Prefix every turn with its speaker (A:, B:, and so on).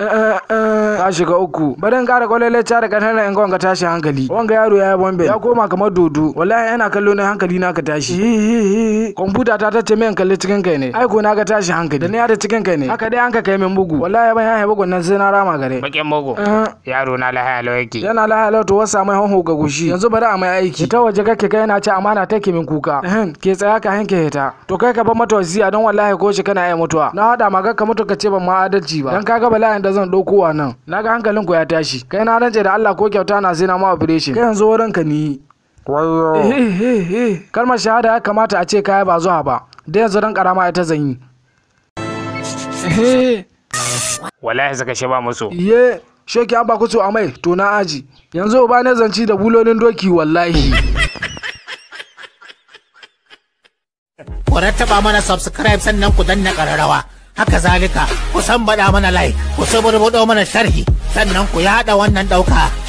A: أه أه, آه. ta shiga uku barin kara kwalele ta da kanana yan gonga tashi hankali wanga yaro ya yi bombe ya koma kamar dodo wallahi yana kallo na hankali na ka tashi kwamfuta ta tace min kalli cikin kai ne aiko na ga tashi hankali da ni da cikin kai ne haka dai an ka kai min bugu wallahi ban ya bugun nan sai na rama gare bakin bugu.
B: yaro na lahaya lau yake
A: yana lahaya lau to wasa mai hanho ga gushi yanzu bari a mai aiki ta waje kake kai yana ce amana take min kuka ke tsaya ka hanke ta. to kai ka ba mata wasiya don wallahi ko shi kana iya mutuwa na hada maka mutu ka ce ban ma adalci ba dan kaga bala'in da zan dauko wa nan naga hankalin ku ya tashi kai na rance da Allah ko kyauta na zina ma operation kai yanzu wurin ka ni wayo eh, eh, eh, kalmar shahada ya kamata a ce kaya ba zuwa ba da yanzu dan karama ita zan yi
B: wallahi zaka shi ba musu
A: ye sheki an ba ku su amai to na aji yanzu ba ne zanci da bulolin
C: doki wallahi ku rattaba mana subscribe sannan ku danna kararrawa haka zalika ku san baɗa mana like ku saburbuɗo mana sharhi sannan ku yaɗa wannan ɗauka